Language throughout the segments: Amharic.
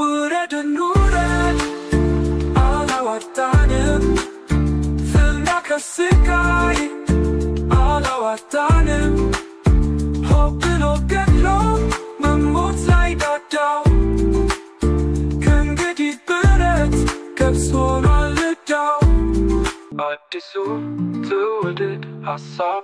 ውረድ እንውረድ አላዋጣንም፣ ፍና ከስቃይ አላዋጣንም። ሆብሎ ገድሎ መሞት ላይ ዳዳው ከእንግዲህ ብረት ገብስ ሆኗል ዕዳው። አዲሱ ትውልድ ሀሳብ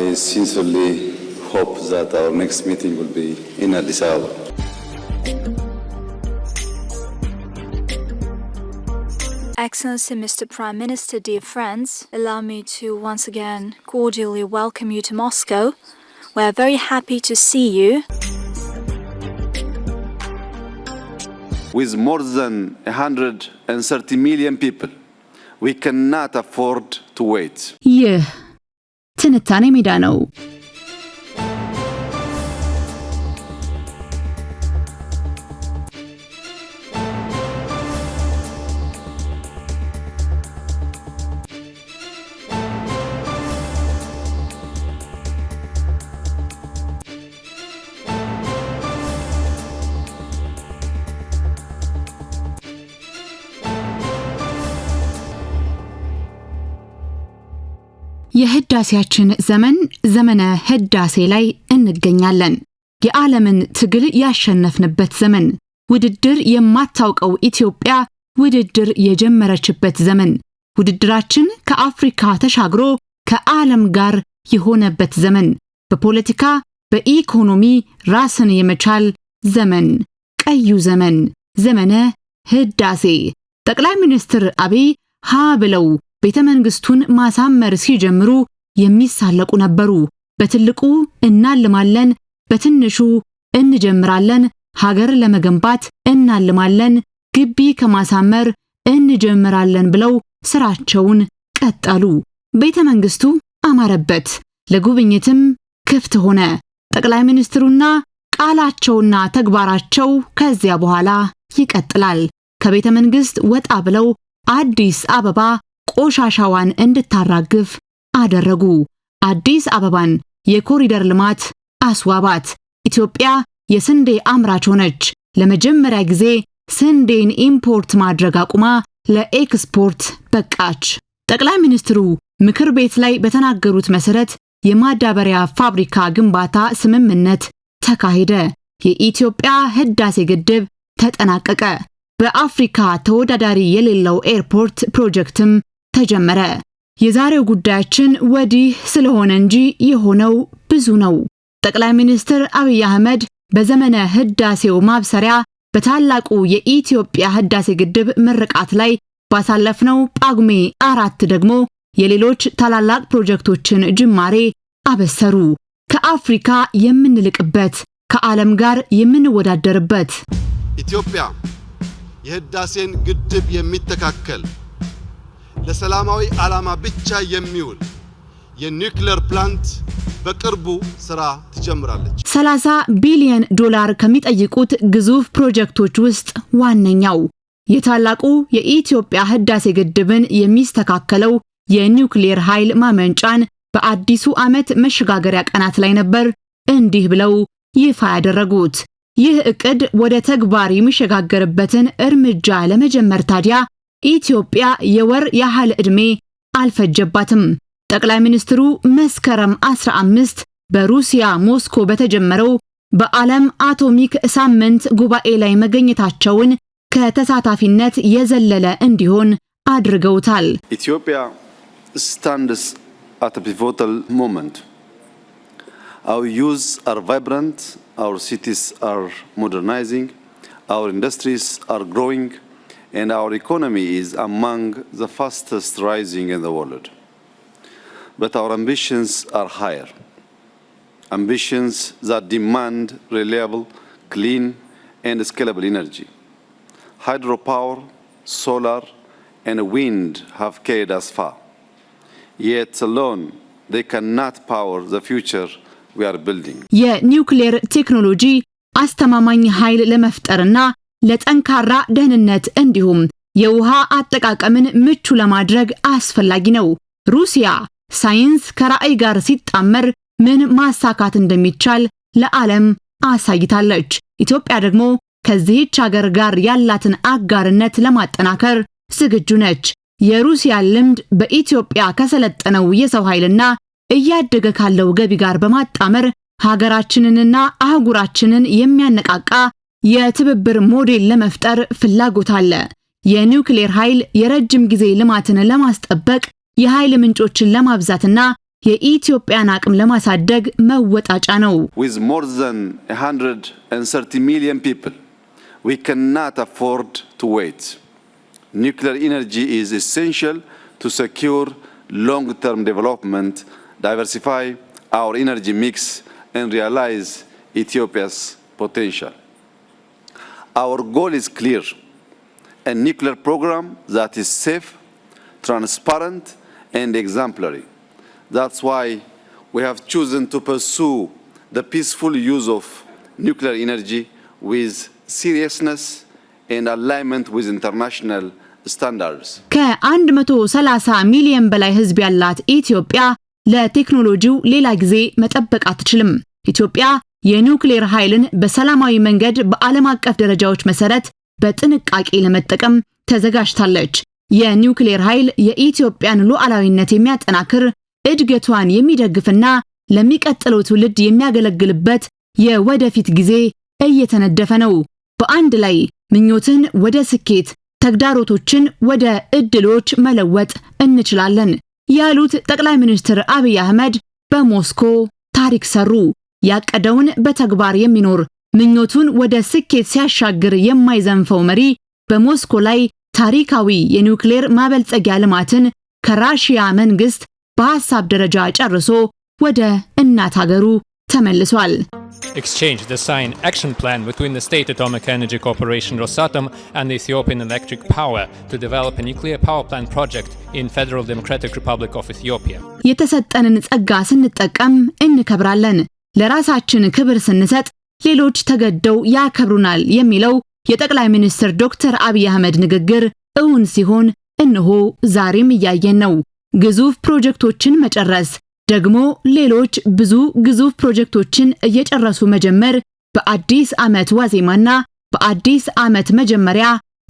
I sincerely hope that our next meeting will be in Addis Ababa. Excellency Mr. Prime Minister, dear friends, allow me to once again cordially welcome you to Moscow. We are very happy to see you. With more than 130 million people, we cannot afford to wait. Yeah. ትንታኔ ሜዳ ነው። የህዳሴያችን ዘመን ዘመነ ህዳሴ ላይ እንገኛለን። የዓለምን ትግል ያሸነፍንበት ዘመን፣ ውድድር የማታውቀው ኢትዮጵያ ውድድር የጀመረችበት ዘመን፣ ውድድራችን ከአፍሪካ ተሻግሮ ከዓለም ጋር የሆነበት ዘመን፣ በፖለቲካ በኢኮኖሚ ራስን የመቻል ዘመን፣ ቀዩ ዘመን ዘመነ ህዳሴ ጠቅላይ ሚኒስትር አብይ ሀ ብለው ቤተ መንግስቱን ማሳመር ሲጀምሩ የሚሳለቁ ነበሩ። በትልቁ እናልማለን፣ በትንሹ እንጀምራለን፣ ሀገር ለመገንባት እናልማለን፣ ግቢ ከማሳመር እንጀምራለን ብለው ስራቸውን ቀጠሉ። ቤተ መንግስቱ አማረበት፣ ለጉብኝትም ክፍት ሆነ። ጠቅላይ ሚኒስትሩና ቃላቸውና ተግባራቸው ከዚያ በኋላ ይቀጥላል። ከቤተ መንግስት ወጣ ብለው አዲስ አበባ ቆሻሻዋን እንድታራግፍ አደረጉ። አዲስ አበባን የኮሪደር ልማት አስዋባት። ኢትዮጵያ የስንዴ አምራች ሆነች። ለመጀመሪያ ጊዜ ስንዴን ኢምፖርት ማድረግ አቁማ ለኤክስፖርት በቃች። ጠቅላይ ሚኒስትሩ ምክር ቤት ላይ በተናገሩት መሰረት የማዳበሪያ ፋብሪካ ግንባታ ስምምነት ተካሄደ። የኢትዮጵያ ህዳሴ ግድብ ተጠናቀቀ። በአፍሪካ ተወዳዳሪ የሌለው ኤርፖርት ፕሮጀክትም ተጀመረ። የዛሬው ጉዳያችን ወዲህ ስለሆነ እንጂ የሆነው ብዙ ነው። ጠቅላይ ሚኒስትር አብይ አህመድ በዘመነ ህዳሴው ማብሰሪያ በታላቁ የኢትዮጵያ ህዳሴ ግድብ ምርቃት ላይ ባሳለፍነው ጳጉሜ አራት ደግሞ የሌሎች ታላላቅ ፕሮጀክቶችን ጅማሬ አበሰሩ። ከአፍሪካ የምንልቅበት፣ ከዓለም ጋር የምንወዳደርበት ኢትዮጵያ የህዳሴን ግድብ የሚተካከል ለሰላማዊ ዓላማ ብቻ የሚውል የኒውክሌር ፕላንት በቅርቡ ስራ ትጀምራለች። 30 ቢሊዮን ዶላር ከሚጠይቁት ግዙፍ ፕሮጀክቶች ውስጥ ዋነኛው የታላቁ የኢትዮጵያ ህዳሴ ግድብን የሚስተካከለው የኒውክሌር ኃይል ማመንጫን በአዲሱ ዓመት መሸጋገሪያ ቀናት ላይ ነበር እንዲህ ብለው ይፋ ያደረጉት። ይህ እቅድ ወደ ተግባር የሚሸጋገርበትን እርምጃ ለመጀመር ታዲያ ኢትዮጵያ የወር ያህል ዕድሜ አልፈጀባትም። ጠቅላይ ሚኒስትሩ መስከረም 15 በሩሲያ ሞስኮ በተጀመረው በዓለም አቶሚክ ሳምንት ጉባኤ ላይ መገኘታቸውን ከተሳታፊነት የዘለለ እንዲሆን አድርገውታል። ኢትዮጵያ ስታንድስ አት ፒቮታል ሞመንት አወር ዩዝ አር ቫይብራንት አር ሲቲስ አር ሞደርናይዚንግ አር ኢንዱስትሪስ አር ግሮዊንግ and our economy is among the fastest rising in the world. But our ambitions are higher. Ambitions that demand reliable, clean, and scalable energy. Hydropower, solar, and wind have carried us far. Yet alone, they cannot power the future we are building. የኒውክሌር ቴክኖሎጂ አስተማማኝ ኃይል ለመፍጠርና ለጠንካራ ደህንነት እንዲሁም የውሃ አጠቃቀምን ምቹ ለማድረግ አስፈላጊ ነው። ሩሲያ ሳይንስ ከራዕይ ጋር ሲጣመር ምን ማሳካት እንደሚቻል ለዓለም አሳይታለች። ኢትዮጵያ ደግሞ ከዚህች ሀገር ጋር ያላትን አጋርነት ለማጠናከር ዝግጁ ነች። የሩሲያ ልምድ በኢትዮጵያ ከሰለጠነው የሰው ኃይልና እያደገ ካለው ገቢ ጋር በማጣመር ሀገራችንንና አህጉራችንን የሚያነቃቃ የትብብር ሞዴል ለመፍጠር ፍላጎት አለ። የኒውክሌር ኃይል የረጅም ጊዜ ልማትን ለማስጠበቅ የኃይል ምንጮችን ለማብዛትና የኢትዮጵያን አቅም ለማሳደግ መወጣጫ ነው። ዊዝ ሞር ዘን 130 ሚሊዮን ፒፕል ዊ አፎርድ ቱ ዌት ኢነርጂ ኢዝ ኤሴንሺያል ቱ ሴኪር ሎንግ ዳይቨርሲፋይ አውር ኢነርጂ ሚክስ ኤንድ ሪያላይዝ ኢትዮጵያስ ፖቴንሻል Our goal is clear. A nuclear program that is safe, transparent, and exemplary. That's why we have chosen to pursue the peaceful use of nuclear energy with seriousness and alignment with international standards. ከ130 ሚሊዮን በላይ ሕዝብ ያላት ኢትዮጵያ ለቴክኖሎጂው ሌላ ጊዜ መጠበቅ አትችልም። ኢትዮጵያ የኒውክሌር ኃይልን በሰላማዊ መንገድ በዓለም አቀፍ ደረጃዎች መሰረት በጥንቃቄ ለመጠቀም ተዘጋጅታለች። የኒውክሌር ኃይል የኢትዮጵያን ሉዓላዊነት የሚያጠናክር እድገቷን የሚደግፍና ለሚቀጥለው ትውልድ የሚያገለግልበት የወደፊት ጊዜ እየተነደፈ ነው። በአንድ ላይ ምኞትን ወደ ስኬት፣ ተግዳሮቶችን ወደ እድሎች መለወጥ እንችላለን ያሉት ጠቅላይ ሚኒስትር አብይ አህመድ በሞስኮ ታሪክ ሰሩ። ያቀደውን በተግባር የሚኖር ምኞቱን ወደ ስኬት ሲያሻግር የማይዘንፈው መሪ በሞስኮ ላይ ታሪካዊ የኒውክሌር ማበልጸጊያ ልማትን ከራሺያ መንግስት በሐሳብ ደረጃ ጨርሶ ወደ እናት ሀገሩ ተመልሷል። Exchange the signed action plan between the State Atomic Energy Corporation Rosatom and the Ethiopian Electric Power to develop a nuclear power plant project in Federal Democratic Republic of Ethiopia. የተሰጠንን ጸጋ ስንጠቀም እንከብራለን። ለራሳችን ክብር ስንሰጥ ሌሎች ተገደው ያከብሩናል የሚለው የጠቅላይ ሚኒስትር ዶክተር አብይ አህመድ ንግግር እውን ሲሆን እነሆ ዛሬም እያየን ነው። ግዙፍ ፕሮጀክቶችን መጨረስ ደግሞ ሌሎች ብዙ ግዙፍ ፕሮጀክቶችን እየጨረሱ መጀመር በአዲስ ዓመት ዋዜማና በአዲስ ዓመት መጀመሪያ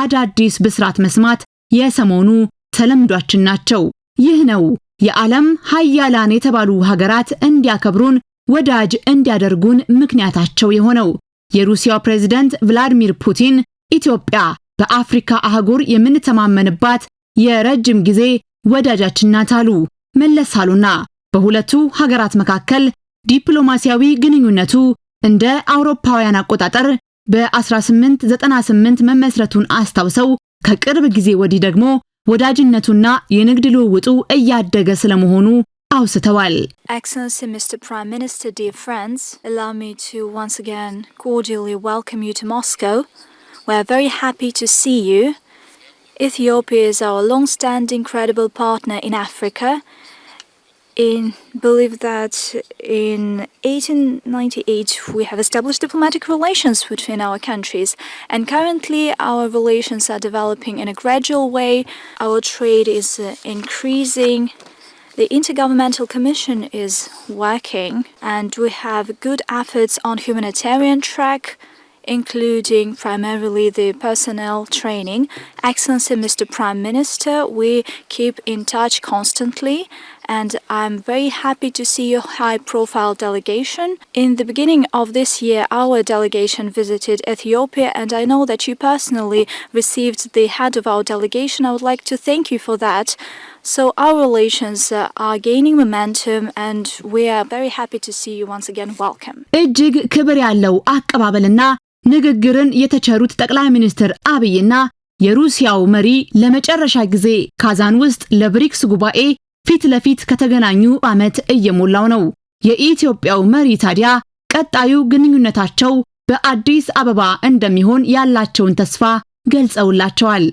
አዳዲስ ብስራት መስማት የሰሞኑ ተለምዷችን ናቸው። ይህ ነው የዓለም ሀያላን የተባሉ ሀገራት እንዲያከብሩን ወዳጅ እንዲያደርጉን ምክንያታቸው የሆነው የሩሲያው ፕሬዝዳንት ቭላድሚር ፑቲን ኢትዮጵያ በአፍሪካ አህጉር የምንተማመንባት የረጅም ጊዜ ወዳጃችን ናት አሉ። መለስ አሉና በሁለቱ ሀገራት መካከል ዲፕሎማሲያዊ ግንኙነቱ እንደ አውሮፓውያን አቆጣጠር በ1898 መመስረቱን አስታውሰው ከቅርብ ጊዜ ወዲህ ደግሞ ወዳጅነቱና የንግድ ልውውጡ እያደገ ስለመሆኑ Excellency Mr. Prime Minister, dear friends, allow me to once again cordially welcome you to Moscow. We are very happy to see you. Ethiopia is our long-standing credible partner in Africa. in believe that in 1898 we have established diplomatic relations between our countries and currently our relations are developing in a gradual way our trade is uh, increasing the Intergovernmental Commission is working and we have good efforts on humanitarian track, including primarily the personnel training. Excellency Mr. Prime Minister, we keep in touch constantly and I'm very happy to see your high-profile delegation. In the beginning of this year, our delegation visited Ethiopia, and I know that you personally received the head of our delegation. I would like to thank you for that. So our relations uh, are gaining momentum and we are very happy to see you once again. Welcome. ንግግርን የተቸሩት ጠቅላይ ሚኒስትር አብይና የሩሲያው መሪ ለመጨረሻ ጊዜ ካዛን ውስጥ ለብሪክስ ጉባኤ ፊት ለፊት ከተገናኙ ዓመት እየሞላው ነው። የኢትዮጵያው መሪ ታዲያ ቀጣዩ ግንኙነታቸው በአዲስ አበባ እንደሚሆን ያላቸውን ተስፋ ገልጸውላቸዋል።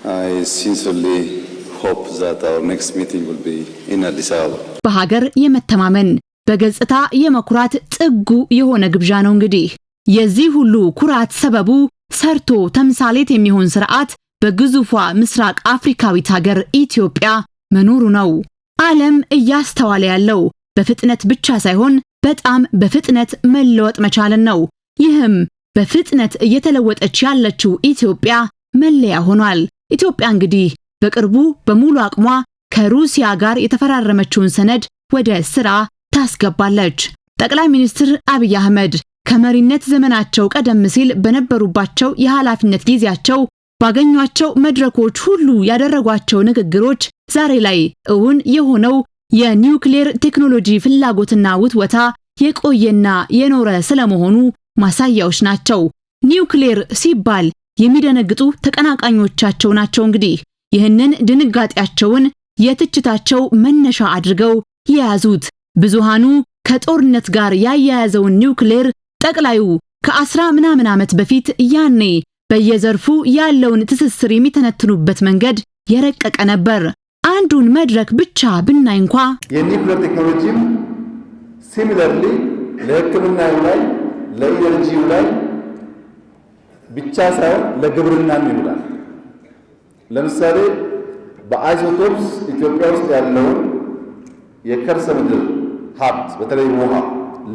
በሀገር የመተማመን በገጽታ የመኩራት ጥጉ የሆነ ግብዣ ነው። እንግዲህ የዚህ ሁሉ ኩራት ሰበቡ ሰርቶ ተምሳሌት የሚሆን ስርዓት በግዙፏ ምስራቅ አፍሪካዊት ሀገር ኢትዮጵያ መኖሩ ነው። ዓለም እያስተዋለ ያለው በፍጥነት ብቻ ሳይሆን በጣም በፍጥነት መለወጥ መቻልን ነው። ይህም በፍጥነት እየተለወጠች ያለችው ኢትዮጵያ መለያ ሆኗል። ኢትዮጵያ እንግዲህ በቅርቡ በሙሉ አቅሟ ከሩሲያ ጋር የተፈራረመችውን ሰነድ ወደ ስራ ታስገባለች። ጠቅላይ ሚኒስትር አብይ አህመድ ከመሪነት ዘመናቸው ቀደም ሲል በነበሩባቸው የኃላፊነት ጊዜያቸው ባገኟቸው መድረኮች ሁሉ ያደረጓቸው ንግግሮች ዛሬ ላይ እውን የሆነው የኒውክሌር ቴክኖሎጂ ፍላጎትና ውትወታ የቆየና የኖረ ስለመሆኑ ማሳያዎች ናቸው። ኒውክሌር ሲባል የሚደነግጡ ተቀናቃኞቻቸው ናቸው እንግዲህ ይህንን ድንጋጤያቸውን የትችታቸው መነሻ አድርገው የያዙት። ብዙሃኑ ከጦርነት ጋር ያያያዘውን ኒውክሌር ጠቅላዩ ከአስራ ምናምን ዓመት በፊት ያኔ በየዘርፉ ያለውን ትስስር የሚተነትኑበት መንገድ የረቀቀ ነበር። አንዱን መድረክ ብቻ ብናይ እንኳ የኒኩለር ቴክኖሎጂም ሲሚለርሊ ለሕክምናው ላይ ለኢነርጂ ላይ ብቻ ሳይሆን ለግብርናም ይውላል። ለምሳሌ በአይሶቶፕስ ኢትዮጵያ ውስጥ ያለውን የከርሰ ምድር ሀብት በተለይ ውሃ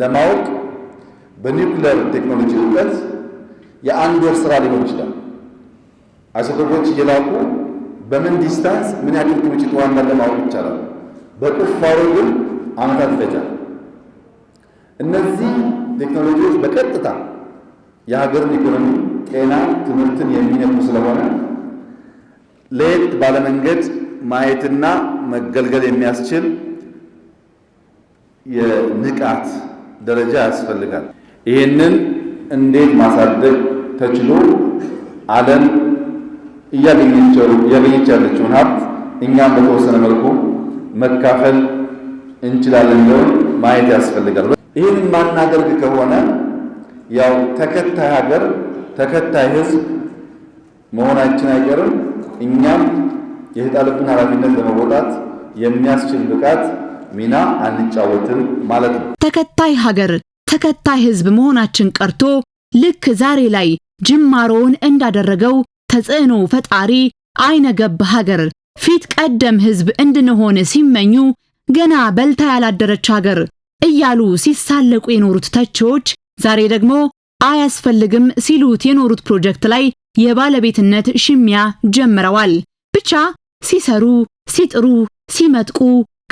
ለማወቅ በኒውክለር ቴክኖሎጂ እውቀት የአንድ ወር ስራ ሊሆን ይችላል። አሰልጣኞች እየላኩ በምን ዲስታንስ ምን ያክል ክምችት ውሃ እንዳለ ማወቅ ይቻላል። በቁፋሮ ግን አመታት ይፈጃል። እነዚህ ቴክኖሎጂዎች በቀጥታ የሀገርን ኢኮኖሚ፣ ጤና፣ ትምህርትን የሚነኩ ስለሆነ ለየት ባለመንገድ ማየትና መገልገል የሚያስችል የንቃት ደረጃ ያስፈልጋል። ይህንን እንዴት ማሳደግ ተችሎ ዓለም እያገኘች ያለችውን ሀብት እኛም በተወሰነ መልኩ መካፈል እንችላለን የሚለውን ማየት ያስፈልጋል። ይህን ማናደርግ ከሆነ ያው ተከታይ ሀገር ተከታይ ህዝብ መሆናችን አይቀርም። እኛም የተጣለብን ኃላፊነት ለመወጣት የሚያስችል ብቃት ሚና አንጫወትም ማለት ነው። ተከታይ ሀገር ተከታይ ህዝብ መሆናችን ቀርቶ ልክ ዛሬ ላይ ጅማሮውን እንዳደረገው ተጽዕኖ ፈጣሪ አይነገብ ሀገር ፊት ቀደም ህዝብ እንድንሆን ሲመኙ ገና በልታ ያላደረች ሀገር እያሉ ሲሳለቁ የኖሩት ተቺዎች ዛሬ ደግሞ አያስፈልግም ሲሉት የኖሩት ፕሮጀክት ላይ የባለቤትነት ሽሚያ ጀምረዋል። ብቻ ሲሰሩ፣ ሲጥሩ፣ ሲመጥቁ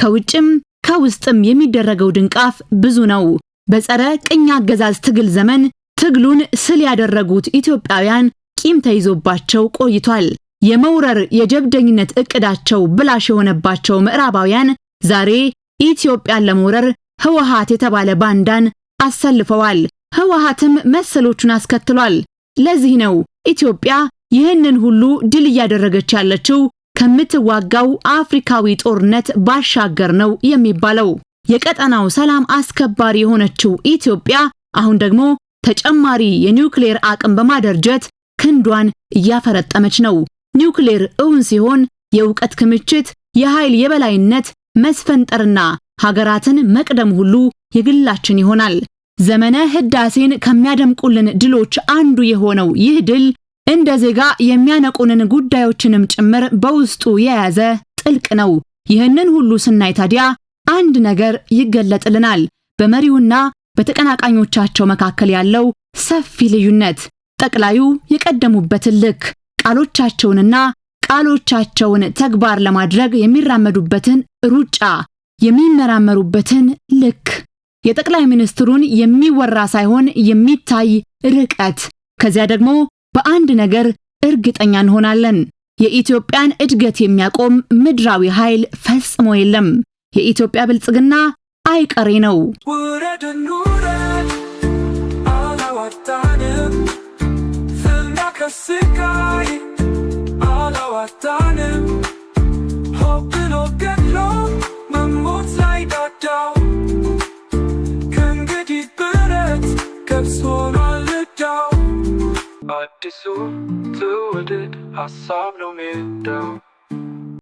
ከውጭም ከውስጥም የሚደረገው ድንቃፍ ብዙ ነው። በጸረ ቅኝ አገዛዝ ትግል ዘመን ትግሉን ስል ያደረጉት ኢትዮጵያውያን ቂም ተይዞባቸው ቆይቷል። የመውረር የጀብደኝነት እቅዳቸው ብላሽ የሆነባቸው ምዕራባውያን ዛሬ ኢትዮጵያን ለመውረር ህወሓት የተባለ ባንዳን አሰልፈዋል። ህወሓትም መሰሎቹን አስከትሏል። ለዚህ ነው ኢትዮጵያ ይህንን ሁሉ ድል እያደረገች ያለችው ከምትዋጋው አፍሪካዊ ጦርነት ባሻገር ነው የሚባለው። የቀጠናው ሰላም አስከባሪ የሆነችው ኢትዮጵያ አሁን ደግሞ ተጨማሪ የኒውክሌር አቅም በማደርጀት ክንዷን እያፈረጠመች ነው። ኒውክሌር እውን ሲሆን የእውቀት ክምችት፣ የኃይል የበላይነት፣ መስፈንጠርና ሀገራትን መቅደም ሁሉ የግላችን ይሆናል። ዘመነ ህዳሴን ከሚያደምቁልን ድሎች አንዱ የሆነው ይህ ድል እንደ ዜጋ የሚያነቁንን ጉዳዮችንም ጭምር በውስጡ የያዘ ጥልቅ ነው። ይህንን ሁሉ ስናይ ታዲያ አንድ ነገር ይገለጥልናል። በመሪውና በተቀናቃኞቻቸው መካከል ያለው ሰፊ ልዩነት ጠቅላዩ የቀደሙበትን ልክ ቃሎቻቸውንና ቃሎቻቸውን ተግባር ለማድረግ የሚራመዱበትን ሩጫ የሚመራመሩበትን ልክ የጠቅላይ ሚኒስትሩን የሚወራ ሳይሆን የሚታይ ርቀት ከዚያ ደግሞ በአንድ ነገር እርግጠኛ እንሆናለን። የኢትዮጵያን እድገት የሚያቆም ምድራዊ ኃይል ፈጽሞ የለም። የኢትዮጵያ ብልጽግና አይቀሬ ነው። አዲሱ ትውልድ ሀሳብ ነው ሜዳው።